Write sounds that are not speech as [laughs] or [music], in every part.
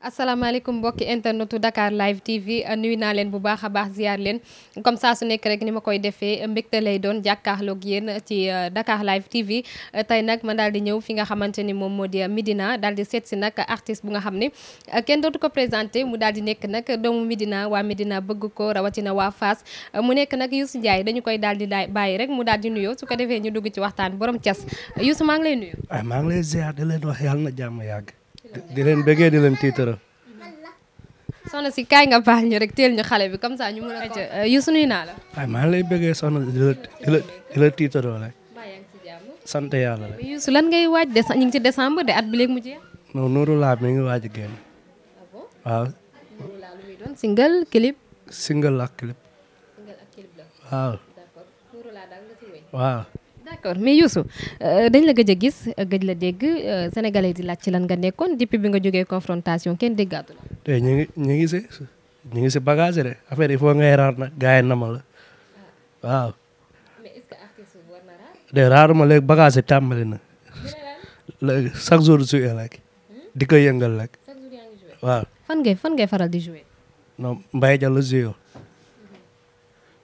asalaamaaleykum mbokki internetu Dakar live TV nuyu naa leen bu baax a baax ziar leen comme saa su nekk rek ni ma koy defee mbégte lay doon jàkkaarloog yéen ci euh, Dakar live TV tey nag ma daal di ñëw fi nga xamante ni moom moo di midina daal di seet nag artiste bu nga xam ne euh, kenn dootu ko présenté mu daal di nekk nag doomu Medina waa midina bëgg ko rawatina waa Fass euh, mu nekk nag Youssou Ndiaye dañu koy daal di bàyyi rek mu daal di nuyoo su ko defee ñu dugg ci waxtaan borom cas Youssou maa ngi lay nuyu. waaw ah, maa ngi lay ziar di leen wax di leen bëggee di leen tiitara. soxna si kaay nga baal ñu rek teel ñu xale bi comme ça ñu mën a. ayca naa la. waaye maa ngi lay bëggee soxna di la tiitaroo rek. sant yàlla rek. Youssou lan ngay waaj des ñu ngi ci décembre de at bi léegi mu jeex. non Nourou laa mi ngi waaj a génn. Ah waaw. Nourou laa single clip. single ak clip. waaw. d'accord mais Youssou euh, dañ la gëj a gis gëj la dégg euh, sénégalais di laaj ci lan nga nekkoon depuis bi nga jógee confrontation kenn dégga la. tey eh, ñu ngi ñu ngi si ñu ngi si bagage de affaire il faut ngay raar nag gars yi nama la waaw. mais na raar. de raaruma léegi bagage yi tàmbali na. léegi chaque jour su rek hmm? di ko yëngal rek. chaque jour fan ngay faral di joué. non Mbaye Diallo joué hmm.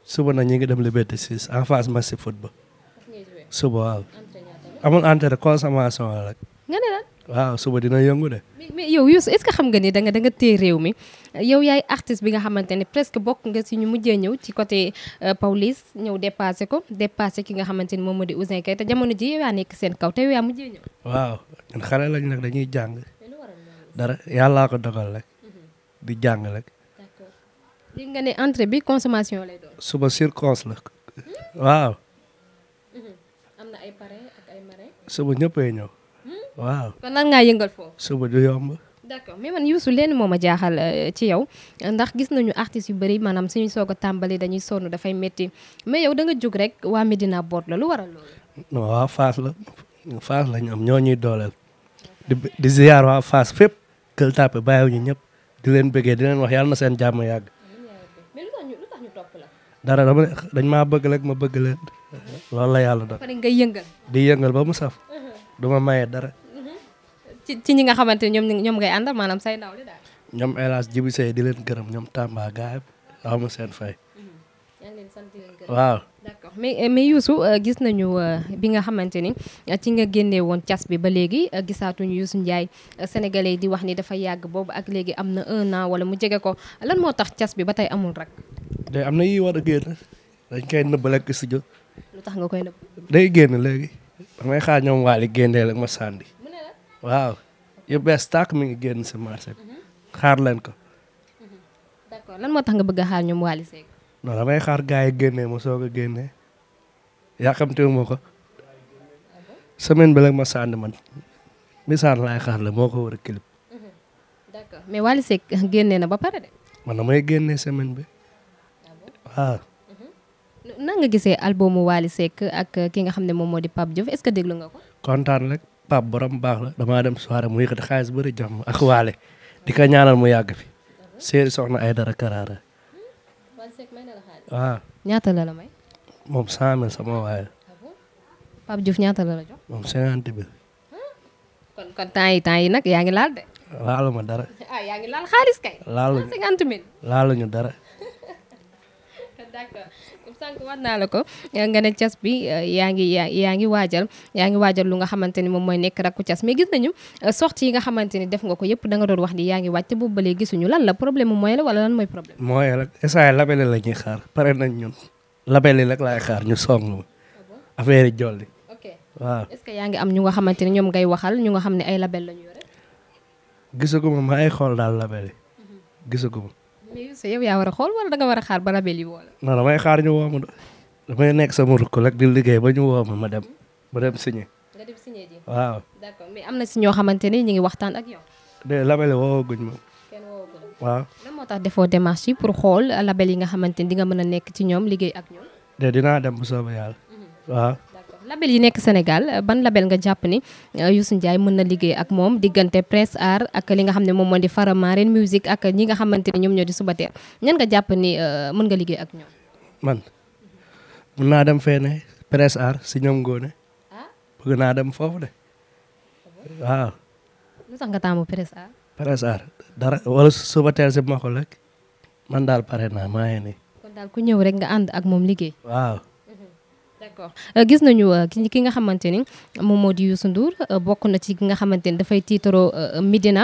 suba na ñu ngi dem Liberté 6 en face match football. suba ah. waaw. amul entrain consommation la rek. nga ne lan. waaw suba dina yëngu de. mais yow Youssou est-ce que xam nga ni da nga da nga réew mi yow yaay artiste bi nga xamante ne presque bokk nga si ñu mujjee ñëw ci côté euh, Pawlish ñëw dépassé ko dépassé ki nga xamante ni moom moo di Ouzin Keita te jamono ji yow yaa nekk seen kaw te yow yaa mujjee ñëw. waaw ñun xale lañ nag dañuy jàng. dara yàllaa ko dogal rek. Mm-hmm. di jàng rek. d'accord nga ne entrée bi consommation lay suba circonse la ay parrain ak ay marraine. suba ñëppay ñëw. Hmm? waaw kon lan ngaa yëngal foofu. suba du yomb. d'accord mais man Youssou leen moom ma jaaxal euh, ci yow ndax gis nañu artistes yu bëri maanaam suñu soog a tàmbali dañuy sonn dafay metti mais yow da nga jóg rek waa Medina boot la lu waral loolu. non waa Fass la Fass la ñu ñoo ñuy dooleel. di di ziar waa Fass fépp. Gueule Tapée bàyyiwuñu ñëpp di leen bëggee di leen wax yàlla na seen jàmm yàgg. dara dama dañ maa bëgg rek ma bëgg leen. loolu la yàlla doon. nga yëngal. di yëngal ba mu saf. Uh-huh. du ma dara. Uh-huh. ci ci ñi nga xamante ne ñoom ñoom ngay àndal maanaam say ndaw li daal. ñoom El Hadj Djibi di leen gërëm ñoom Tamba gaayam aw ma seen fay. Uh-huh. waaw d'accord mais eh, mais euh, gis nañu euh, bi nga xamante ni euh, ci nga génnee woon cas bi ba léegi gisaatuñu Youssou njaay sénégalais di wax ni dafa yàgg boobu ak léegi am na un an wala mu jege ko lan moo tax cas bi ba tey amul rek. te am na yi war a génn dañ koy nëbbal ak studio lu tax nga koy nëbb. day génn léegi damay xaar ñoom waali génneel ak ma waaw yu bees tàkk mi ngi génn si marché xaar leen ko. Mm-hmm. d'accord lan moo tax nga bëgg a xaar ñoom waali seeg. non damay xaar gars yi génnee ma soog a génnee yàqamtewu ma ko semaine bi la ma sànni man misaal laay xaar la moo ko war a clip. Mm-hmm. d'accord mais Wally Seck génnee na ba pare de. man damay génnee semaine bi ah waaw. nan nga gisee albumu Wally Seck ak ki nga xam ne moom moo di Pape Diouf est-ce déglu nga ko. kontaan rek Pape borom baax la. damaa dem soirée mu yëkkati xaalis bëri jox ma ak Wally di ko ñaanal mu yàgg fi. séeri soxna ay dara karaara. Wally Seck may na ñaata la may. moom 100000 sama waay. Ah Pape Diouf ñaata la la jox. moom 50 bi. Ah. yi temps yaa ngi laal de. ma dara. [laughs] ah yaa ngi laaluñu ah, dara. [laughs] sànq war naa la ko eh, nga ne cas bi eh, yaa ngi yaa ngi waajal yaa ngi waajal lu nga xamante ni moom mooy nekk rakku cas mais gis nañu eh, sortie yi nga xamante ni def nga ko yëpp da nga doon wax ni yaa ngi wàcc boobu ba léegi gisuñu lan la problème mu mooy la wala lan mooy problème. mooy la la ñuy xaar pare nañ ñun rek laay xaar ñu song affaire yi jolli. ok waaw est yaa ngi am ñu nga xamante ni ñoom ngay waxal ñu nga xam ne ay label la ñu yore. gisaguma ma ay xool daal label yi mhm. gisaguma mais yow yaa war a xool wala da war a xaar ba rabel yi woo la. non damay xaar ñu woo ma damay nekk sa rukk rek di liggéey ba ñu woo ma ma dem ma dem signé. mais am na si ñoo xamante ni ñu ngi waxtaan ak yow. de label woo guñ ma. waa woo moo tax defoo démarche yi pour xool label yi nga xamante ni di nga mën a nekk ci ñoom liggéey ak ñoom. de dinaa dem bu soobee yàlla mhm. waaw. label yi nekk Sénégal euh, ban label nga jàpp ni euh, Youssou Ndiaye mën na liggéey ak moom diggante presse art ak li nga xam ne moom moom di Faramareen musique ak ñi nga xamante ne ñoom ñoo di Subateer ñan nga jàpp ni euh, mën nga liggéey ak ñoom. man mun naa dem fee ne presse art si ñoom góone ah? bëgg naa dem foofu de waaw. lu tax nga taamu presse art. presse art dara wala Subateer si ma ko man daal pare naa maa nii. kon daal ku ñëw rek nga ànd ak moom liggéey. d'accord euh, gis nañu euh, ki nga xamante ni moom moo di Youssou Ndour euh, bokk na ci ki nga xamante ni dafay tiitaroo Medina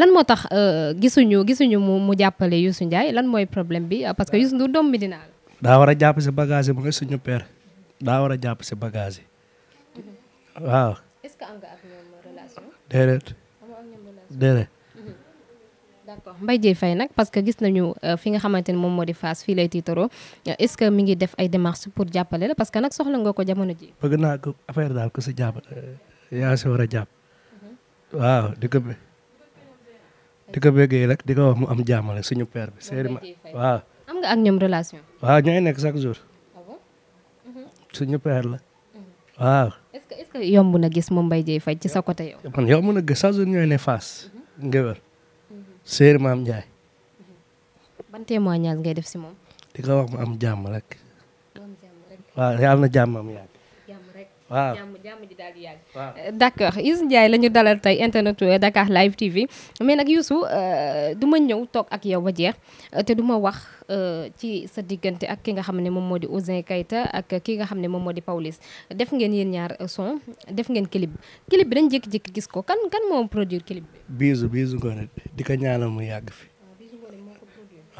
lan moo tax gisuñu gisuñu mu mu jàppale Youssou Ndiaye lan mooy problème bi parce que Youssou Ndour doom Medina la. daa war a jàpp si bagage yi mooy suñu père daa war a jàpp si bagage mm-hmm. waaw. est-ce que d'accord Mbaye Dièye Faye nag parce que gis nañu euh, fi nga xamante ne moom moo di Fass fii lay tiitaroo euh, est-ce que mi ngi def ay démarches pour jàppale la parce que nag soxla nga ko jamono ji bëgg naa ko affaire daal ko si euh, a jàpp mm-hmm. waaw di ko rek di ko mu am jàmmale suñu père bi seeri ma waaw am nga ak ñoom relation waaw ñooy nekk chaque jour ah mm-hmm. suñu père la mm-hmm. waaw est-ce que yomb na gis moom Mbaye Dièye Faye ci sa côté yow man yomb na gis chaque jour ñooy ne Fass ngéwél séer maam Ndiaye. Mm-hmm. ban témoignage ngay def si moom. di ko wax mu am jàmm rek. waaw yàlla na jàmm am yàgg. waaw jàmm jàmm ji daal di euh, d' accord Ndiaye la ñu dalal tey internet euh, Dakar Live TV mais nag Youssou euh, du ma ñëw toog ak yow ba jeex te du ma wax ci sa diggante ak ki nga xam ne moom moo di Ouzin Keita ak ki nga xam ne moom moo di Pawlish def ngeen yéen ñaar son def ngeen kilib bi bi dañ jékki-jékki gis ko kan kan moo produire clip bi. biisu biisu ngoone di ko ñaanal mu yàgg fi.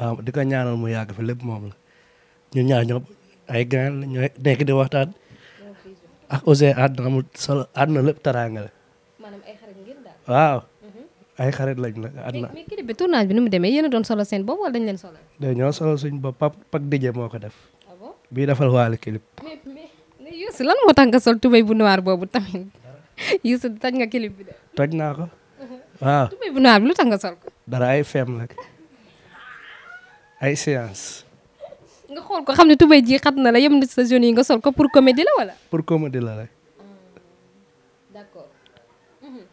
Ah, waaw di ko ñaanal mu yàgg fi lépp moom la ñu ñaar ñoom ay grand ñooy nekk di waxtaan. ak Ouzin àdduna amul solo àdduna lépp taraanga la. maanaam ay waaw. ay xarit lañ la àdduna. mais clip bi nu mu demee yéen doon solo seen bopp wala dañ leen solo. ñoo solo suñ bopp Pape Pape Dije moo ko def. ah bon bii defal waale clip. tubéy bu noir boobu tamit Youssou toj nga clip bi de. naa ko waaw. tubéy bu noir bi lu tax sol dara ay fem nag ay séance. nga xool ko xam ne tubéy jii xat na la yem na sa jeune yi nga sol ko pour comédie la wala. pour comédie la rek. Ah, d'accord mm-hmm.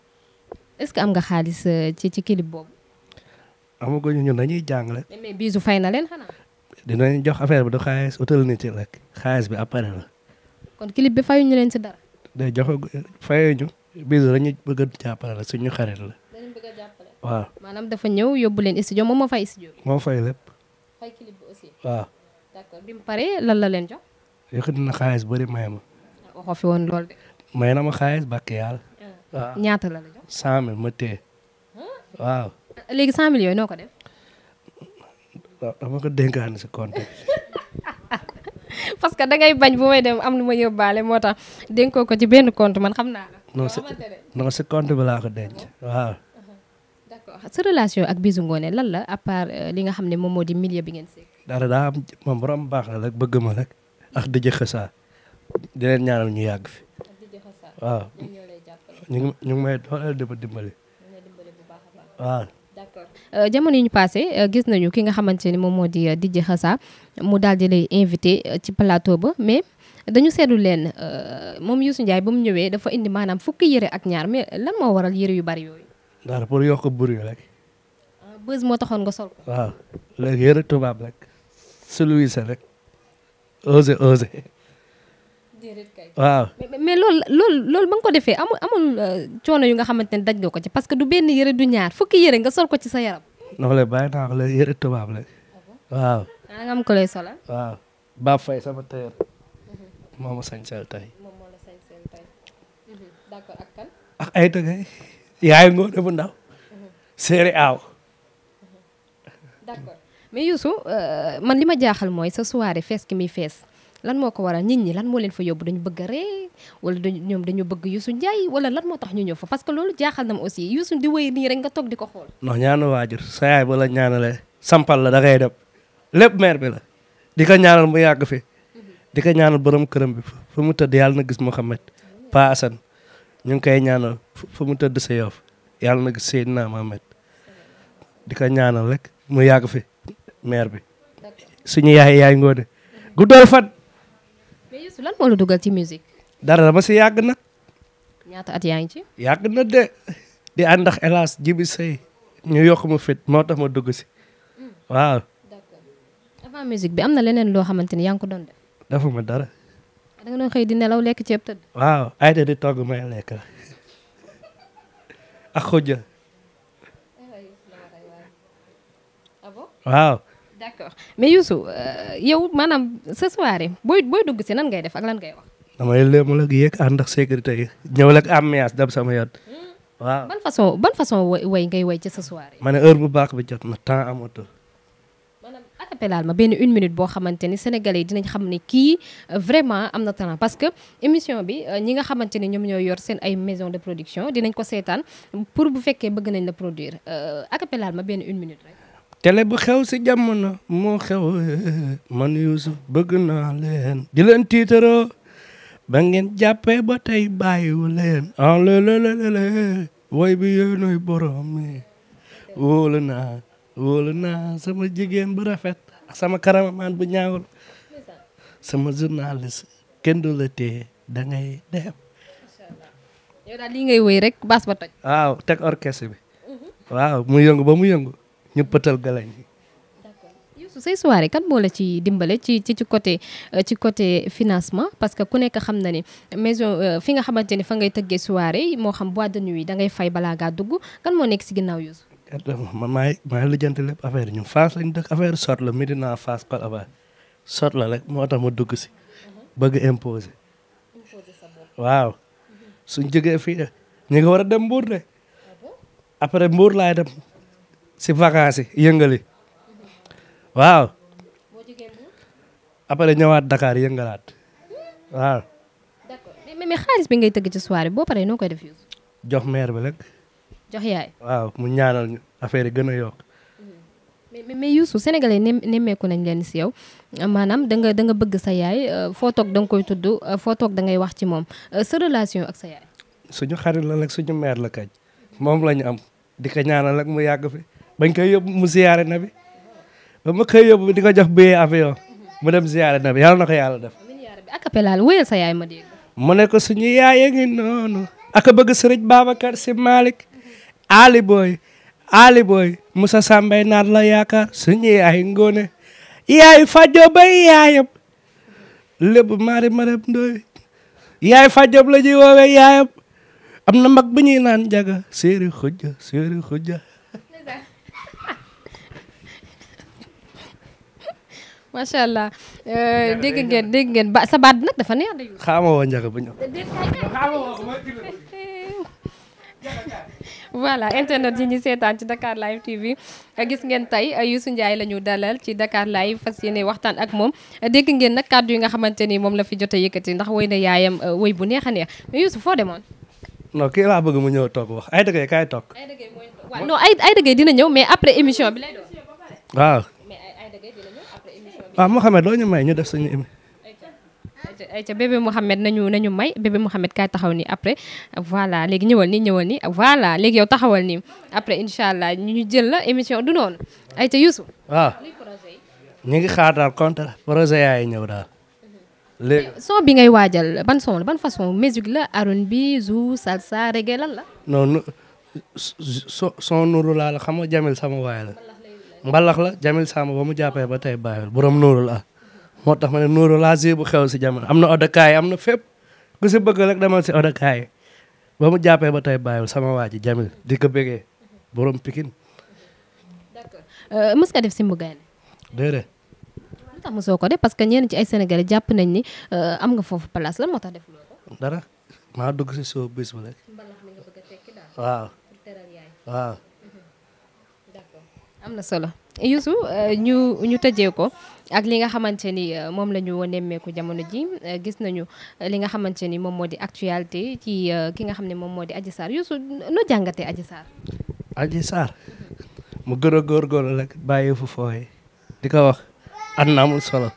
est-ce que am nga xaalis euh, ci ci clip boobu. amaguñu ñun dañuy jàngale. mais bisu fay na leen xanaa. dinañ jox affaire bi du xaalis utal nit rek xaalis bi après la. kon clip bi ñu leen si dara. day jox fayuñu bisu dañuy bëgg a jàppale la suñu xarit la. dañu bëgg a jàppale. waaw maanaam dafa ñëw yóbbu leen studio moom moo fay studio. moo fay lépp. fay clip bi aussi d'accord bi mu paree lan la leen jox. yëkkati na xaalis ma. waxoo lool de. na ma xaalis bàkk ah. ñaata la la jox. cent mille yooyu noo ko def. waaw dama ko dénkaan si compte [laughs] parce que dangay bañ bu dem am lu ma yóbbaale moo tax dénkoo ko ci benn compte man xam naa la. non si non si compte bi laa ko denc waaw. Uh-huh. d'accord sa relation ak Bijou Ngoné lan la à euh, li nga xam ne moom moo di milieu bi ngeen seq. dara daa am moom borom baax na rek bëgg ma rek ak dëjë xësaa di leen ñaanal ñu yàgg fi waaw ñu ngi ñu euh, jamono yi ñu passé euh, gis nañu ki nga xamante ni moom moo di euh, DJ Xassa mu daal di lay invité ci plateau ba mais dañu seetlu leen moom Youssou Ndiaye ba mu ñëwee dafa indi maanaam fukk yëre ak ñaar mais lan moo waral yëre yu bari yooyu. dara pour yokk bur yi rek. Ah, bës moo taxoon nga sol waaw léegi yëre tubaab rek. su Louis rek osé osé. waaw. mais loolu loolu loolu ko defee amul amul euh, coono yu nga xamante ne daj nga ko ci parce que du benn yëre du ñaar fukki yëre nga sol ko ci sa yaram. non le bàyyi naa ko yëre tubaab ah, mhm. mhm. ak kan. yaay ngoone bu ndaw. Mhm. séeri aaw. mais Youssou euh, man li ma jaaxal mooy sa soirée fees ki muy fees lan moo ko waral nit ñi lan moo leen fa yóbbu dañu bëgg a ree wala dañu ñoom dañu bëgg Youssou Ndiaye wala lan moo tax ñu ñëw fa parce que loolu jaaxal na ma aussi Youssou di wéy nii rek nga toog di ko xool. non ñaanu waajur sa yaay ba la sampal la da ngay dem lépp mère bi la di ko ñaanal mu yàgg fi di ko ñaanal borom këram bi fu mu tëdd yàlla na gis Mouhamed Pa Assane ñu ngi koy ñaanal fu mu tëdd sa yoof yàlla na gis Seydina Mohamed di ko ñaanal rek mu yàgg fi. maire bi suñu yaay yaay ngoone guddal fan. mais Youssou lan moo dugal ci musique. dara dama si yàgg nag. ñaata at yaa ngi ci. na de di ànd ndax hélas jibi sëy ñu yokk ma fit moo tax ma dugg si hmm. waaw. bi am na leneen loo xamante ni yaa ngi ko doon def. da nga doon xëy di lekk ceeb tëdd. waaw may lekk ah waaw. d'accord mais Youssou euh, yow maanaam ce soirée booy booy dugg si nan ngay def ak lan ngay wax. damay léemu ak yéeg ànd ak sécurité yi ñëw ak ambiance dab sama yoon. Hmm. waaw ban façon ban façon ngay woy ci sa soirée. ma ne heure bu baax bi jot na temps amatul. appelal ma benn une minute boo xamante ni sénégalais yi dinañ xam ne kii euh, vraiment am na talent parce que émission bi euh, ñi nga xamante ni ñoom ñoo yor seen ay maison de production dinañ ko seetaan pour bu fekkee bëgg nañ la produire appelal ma benn une rek télé bu xew si jamono moo xew man Youssou bëgg naa leen di leen tiitaroo ba ngeen jàppee ba tey bàyyiwu leen en ah, lelelele way bi yooyu nooy borom mi wóolu naa wóolu naa sama jigéen bu rafet ak sama karamamaan bu ñaawul sama journaliste kenn du la téye da ngay dem yow daal lii ngay wéy rek bas ba toj waaw teg orchestre bi waaw mu yëngu ba mu yëngu ñu pëtal galañ yi. Youssou say soirée kan moo ci dimbale ci ci ci côté euh, ci côté financement parce que ku nekk xam na ne maison euh, fi nga xamante ne fa ngay tëggee soirée moo xam boîte de nuit da ngay fay balaa ngaa dugg kan moo nekk si ginnaaw Youssou. man maay maay lijjanti lépp affaire yi ñun Fass lañ dëkk affaire sot la Medina Fass par avance sot la moo tax ma dugg si. Mhm. bëgg imposer. waaw mhm. suñ jógee fii ñu ngi war a dem Mbour de. Ah laay dem. si vacances yi yëngali waaw après ñëwaat Dakar yëngalaat waaw. d'accord mais xaalis bi ngay tëgg ci soirée boo paree noo koy def jox mère bi rek. jox yaay. waaw mu ñaanal ñu affaire yi gën a yokk. Mm-hmm. mais mais Youssou sénégalais nemmeeku nañ leen si yow maanaam danga danga bëgg sa yaay euh, foo toog da koy tudd euh, foo toog da ngay wax ci moom euh, sa relation ak sa yaay. suñu xarit la nag suñu mère la kañ moom la am di ñaanal rek mu yàgg fi. bañ koy yóbbu mu ziyaare nabi ba ma koy yóbbu di ko jox billet avion mu dem ziyaare nabi yàlla na ko yàlla def. ma mu ne ko suñu yaay a ngi noonu. aka bëgg sëriñ Babacar si Malick. Ali Boy Ali Boy Moussa Sambay naat la yaakaar suñu yaay ngóone. yaay fajjo bay yaayam. lépp mari maram ndooy yaay fajjob la ñuy woowee yaayam. am na mag bu ñuy naan jaga séeri xujja séeri xujja macha allah eh, dégg ngeen dégg ngeen ba sa baat nag dafa neex de. xaaral woo bu ñëw. [laughs] [laughs] voilà internet yi ñu seetaan ci Dakar Live TV gis ngeen tey eh, Youssou Ndiaye la ñu dalal ci dakaar Live fas yéene waxtaan ak moom eh, dégg ngeen nag kàddu yi nga xamante ni moom la fi jot a yëkkati ndax woy na yaayam woy bu neex a neex mais Youssou foo demoon. non kii laa bëgg mu ñëw toog wax ay dëgg kaay toog. ay ay ay dëgg dina ñëw mais après émission bi lay doon. waaw ah, Mouhamed loo ñu may ñu def suñu émi. ayca bébé Mouhamed nañu may bébé Mouhamed kaay taxaw ni après voilà léegi ñëwal ni ñëwal nii voilà léegi yow taxawal nii après incha allah ñu ñu jël la émission du noonu ayca Youssou. waaw ah. ñu ngi xaar daal contrat projet yaay ñëw daal. léegi bi ngay waajal ban son la ban façon musique la R&B zou salsa reggae lan la. non son nuru laa la xam nga Jamil sama waay la. mbalax la Jamil Samba ba mu jàppee ba tey bàyyiwul borom nóoru la moo tax ma ne nóoru laa bu xew si jamono am na odakaay am na fépp ku si bëgg rek demal si odakaay ba mu jàppee ba tey bàyyiwul sama waa ji Jamil di ko bëggee borom Pikine. d'accord euh, mës nga def si mbugaay. déedéet. lu tax mosoo ko def parce que ñenn ci ay sénégalais jàpp nañ ni euh, am nga foofu place lan moo tax def loolu. dara maa dugg si suuf bis bu rek. waaw. am na solo Youssou euh, ñu ñu tëjee ko ak li nga xamante ni euh, moom la ñu nemmeeku jamono ji euh, gis nañu li nga xamante ni moom moo di actualité ci ki nga xam ne moom moo di Adji Sarr Youssou noo jàngatee Adji Sarr. aji Sarr mu gën a góorgóorlu rek bàyyi fu fooyee di ko wax at na amul solo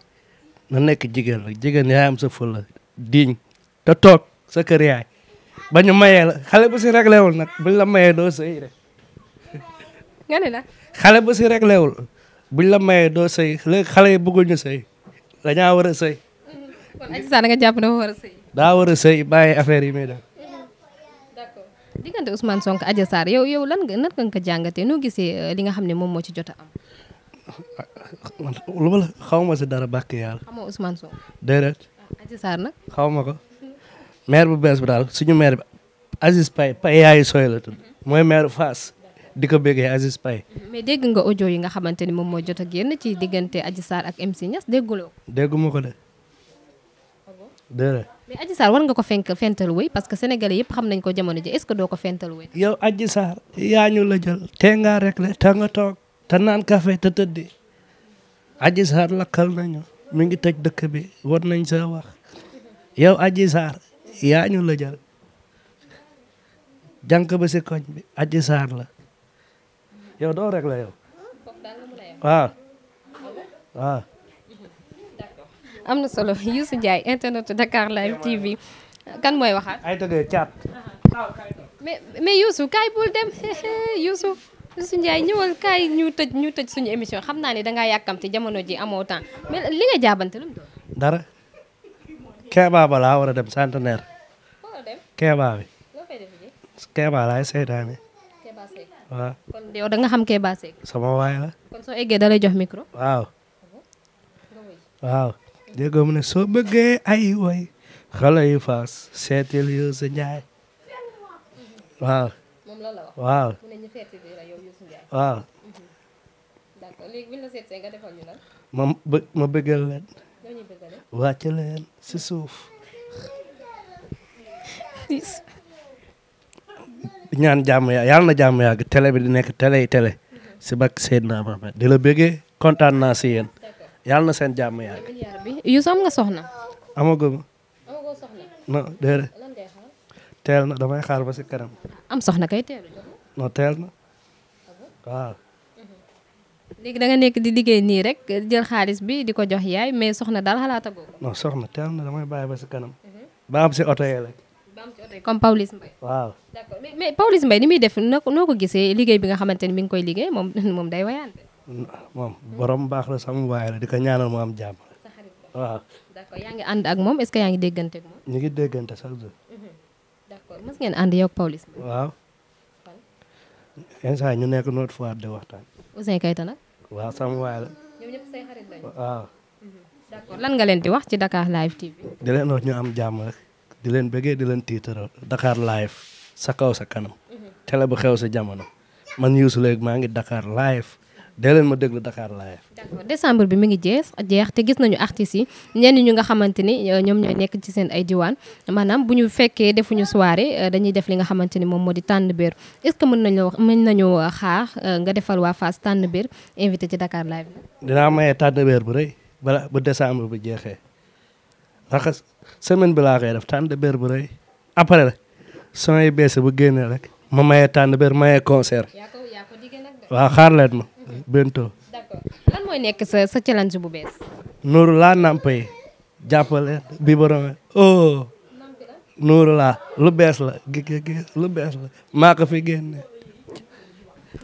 na nekk jigéen rek jigéen yaay am sa fulla diñ te sa kër yaay ba mayee la xale bu si réglé wul nag buñ la mayee doo sëy rek. nga ne xale ba si rek leewul buñ la maye doo sëy léegi xale yi bëggul ñu sëy dañaa war a sëy. kon jàpp dafa war daa war a sëy bàyyi affaire yi muy da d'accord diggante Ousmane Sonko Adji Sarr yow yow lan nga nan nga ko jàngatee noo gisee eh, li nga xam ne moom moo ci jot a am. lu ma la ma si dara bàkk yàlla. xamoo Ousmane Sonko. déedéet. Ah, Adji Sarr nag. xaw ma ko. maire bu bees bi daal suñu maire bi Aziz Paye Paye yaayu sooy la tudd. Mhm. mooy maire Fass. di ko béggee Aziz Paye mais dégg nga audio yi nga xamante ni moom moo jot a génn ci diggante Adji Sarr ak MC Niass dégguloo dégguma ko de déedéet mais Adji Sarr war nga ko fenk fental wéy parce que sénégalais yëpp xam nañ ko jamono ji est-ce que doo ko fental wéy yow Adji Sarr yaa ñu la jël te ngaa réglé te nga toog te naan café te tëddi Adji Sarr lakkal ngi tëj dëkk bi war nañ sa wax yow Adji Sarr la jël jànk ba si bi Adji Sarr la yow doo rek la yow. am na solo Youssou Ndiaye internet Dakar Live TV kan mooy waxaat. ay tëggee caat. mais mais Youssou kaay bul dem Youssou Youssou ñëwal kaay ñu tëj ñu tëj suñu émission xam naa ni danga yàkkamti jamono ji amoo temps mais jaabante lu mu doon. dara. Kéba balaa war a dem centenaire. Kéba bi. Kéba laay seetaane. waaw kon yow da nga xam Kéba Seck. sama waay la. kon soo eggee da jox micro. waaw. waaw. déggoo mu ne soo bëggee ay way xale yu fas seetil Youssou Ndiaye. waaw. waaw. ma bë leen. wàcc leen si suuf. ñaan jàmm yaa yàlla na jàmm yàgg télé bi di nekk télé yi télé si bakk Seydina Mohamed di la bëggee kontaan naa si yéen yàlla na seen jàmm yàgg. Youssou am nga soxna. amaguma. amagoo na damay xaar ba si kanam. am soxna kay teel. non teel na da nga nekk di liggéey nii rek jël xaalis bi di ko jox yaay mais soxna daal xalaatagoo. non soxna teel na ba si kanam. ba am si oto yee rek. comme Pawlish Mbaye waaw d'accord mais ni muy def noo ko gisee liggéey bi nga xamante ni mi ngi koy liggéey moom [laughs] moom day wayaan mm, moom borom baax la sama waay la di ko ñaanal mu am jàmm waaw d'accord ak moom est-ce que yaa ngi déggante moom ñu ngi déggante sax jour mhm. ngeen ànd yow Pawlish Mbaye waaw ñu nekk notre fois de waxtaan mhm. lan nga leen di wax ci Dakar Live TV di leen wax ñu am jàmm di leen bëggee di leen tiitaral Dakar live sa kaw sa kanam télé bu xew sa jamono man Youssou léegi maa ngi Dakar live dee leen ma déglu Dakar live. d'accord décembre bi mi ngi jeex jeex te gis nañu artistes yi ñenn ñu nga xamante ni euh, ñoom ñoo nekk ci seen ay diwaan maanaam bu ñu fekkee defuñu soire euh, dañuy def li nga xamante ni moom moo di tànn béer est-ce que mën nañu mën nañu euh, xaar nga defal waa fas tànn béer invité ci Dakar live. dinaa maye tànn béer bu rëy bala bu décembre bi jeexee semaine bi laa koy def tànn béer bu rëy après rek son yi bees bu génnee rek ma maye tànn béer maye concert ma bientôt. d'accord lan mooy nekk sa sa challenge laa nampé jàppale bi borom oh laa lu bees la gi lu bees la maa fi génne.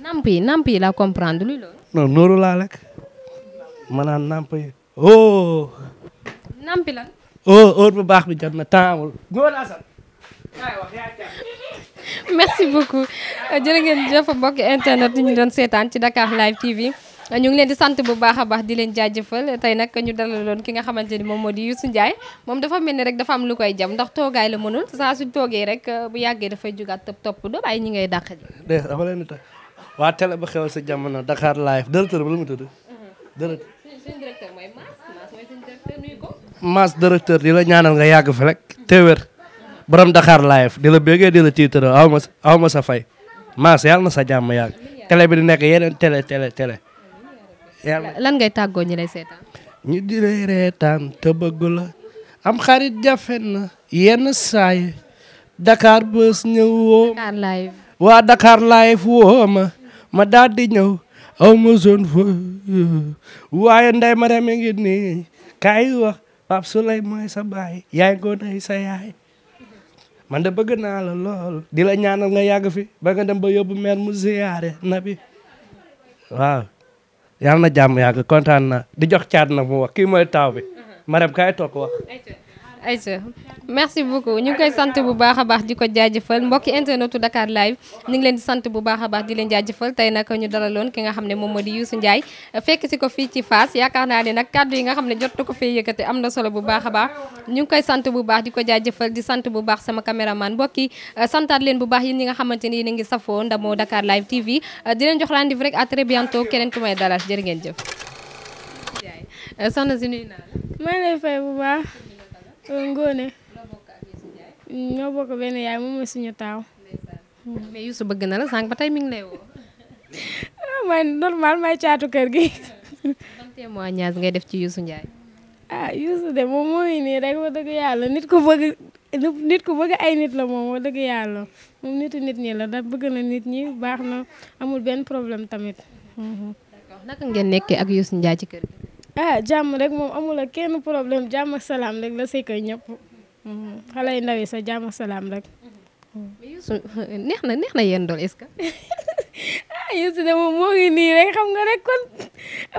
namp yi namp yi la comprendre luy loolu. laa rek ma naan nampi oh. lan. oh heure bu baax bi jot na temps góor Assane merci beaucoup jërë ngeen fa mbokk internet yi ñu doon seetaan ci Dakar Live TV ñu ngi leen di sant bu baax a baax di leen jaajëfal tey nag ñu dalaloon ki nga xamante ni moom moo di Youssou Ndiaye moom dafa mel ni rek dafa am lu koy jam ndax toogaay la mënul saa su toogee rek uh, bu yàggee dafay jugaat topp topp doo bàyyi ñi ngay dàq ji. dégg nga leen di tax waa télé bu xew sa jamono dakaar Live directeur bi lu mu tudd. Mhm. maas directeur di la ñaanal nga yàgg fi rek te wér borom Dakar live di la bégee di la tiitara aw ma aw ma sa fay maas yàlla na sa jàmm yàgg télé bi di nekk yeneen télé télé télé. yàlla lan ngay tàggoo ñi lay seetaan. ñu di lay te bëggu la am xarit jafe na yenn saay Dakar bës ñëw woo. Dakar live waa Dakar live woo ma ma daal di ñëw aw ma zone fo waaye nday ma demee nii kaay Pape Souley mooy sa baay yaay ngoonay sa yaay man de bëgg naa la lool di la ñaanal nga yàgg fi ba nga dem ba yóbbu meer mu ziyaare nabi waaw yàlla na jàmm yàgg kontaan na di jox caat na mu wax kii mooy taaw bi ma dem kaay toog wax Aïcha merci beaucoup ñu ngi koy sant bu baax a baax di ko jaajëfal mbokki internetu Dakar live ñu leen di sant bu baax a baax di leen jaajëfal tey nag ñu dalaloon ki nga xam ne moom moo di Youssou Ndiaye fekk ko fii ci Fass yaakaar naa ne nag kàddu yi nga xam ne jot ko fee yëkkati am bu baax a baax ñu ngi koy sant bu baax di ko jaajëfal di sant bu baax sama caméraman mbokki santaat leen bu baax yéen ñi nga xamante ni yéen ngi safoo ndamoo Dakar live TV di leen jox rendez-vous rek à très bientôt keneen ku may dalal jërë jëf soxna si nuyu naa la maa lay bu baax Ngone. ñoo bokk benn yaay moom mooy suñu taaw. mais Youssou bëgg na la sànq ba tey mi ngi lay woo. [laughs] Ah, man normal may caatu kër gi. [laughs] ban témoignage ngay def ci Youssou Ndiaye. ah Youssou de moom moo ngi rek wax dëgg yàlla nit ku bëgg nit ku bëgg ay nit la moom wax dëgg yàlla moom nitu nit ñi la da bëgg na nit ñi baax na amul benn problème tamit. d'accord naka ngeen nekkee ak Youssou Ndiaye ci kër gi. ah jàmm rek moom amul ak kenn problème jàmm ak salaam rek la sekk ñëpp mm-hmm. xale yu ndaw yi sa jàmm ak salaam rek. neex na neex na yéen dool est-ce [laughs] ah Youssou de moom moo ngi nii rek xam nga rek kon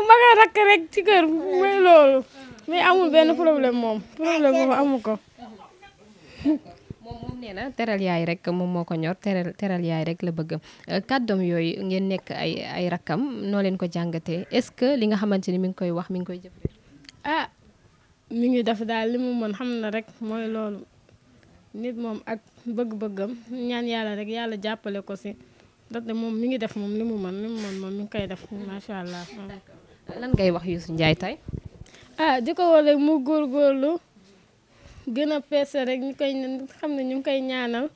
ma nga rakk rek ci kër mooy loolu mais amul benn problème moom problème boobu amu ko. [laughs] moom nee na teral yaay rek moom moo ko ñor teral teral yaay rek la bëgg euh, kàddoom yooyu ngeen nekk ay ay rakkam noo leen ko jàngatee est-ce que li nga xamante ni mu ngi koy wax mu ngi koy jëfee. ah mi ngi def daal li mu mën xam na rek mooy loolu nit moom ak bëgg-bëggam ñaan yàlla rek yàlla jàppale ko si ndaxte moom mi ngi def moom li mu mën li moom mi ngi koy def macha allah. lan ngay wax Youssou Ndiaye tey. Ah, di ko woo rek mu góorgóorlu. gën a peese rek ñu koy xam ne ñu ngi koy ñaanal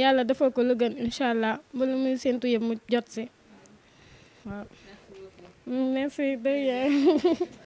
yàlla defal ko lu gën incha allah ba lu muy séntu yëpp mu jot si waaw merci [laughs]